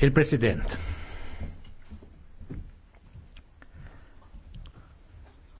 Il-President.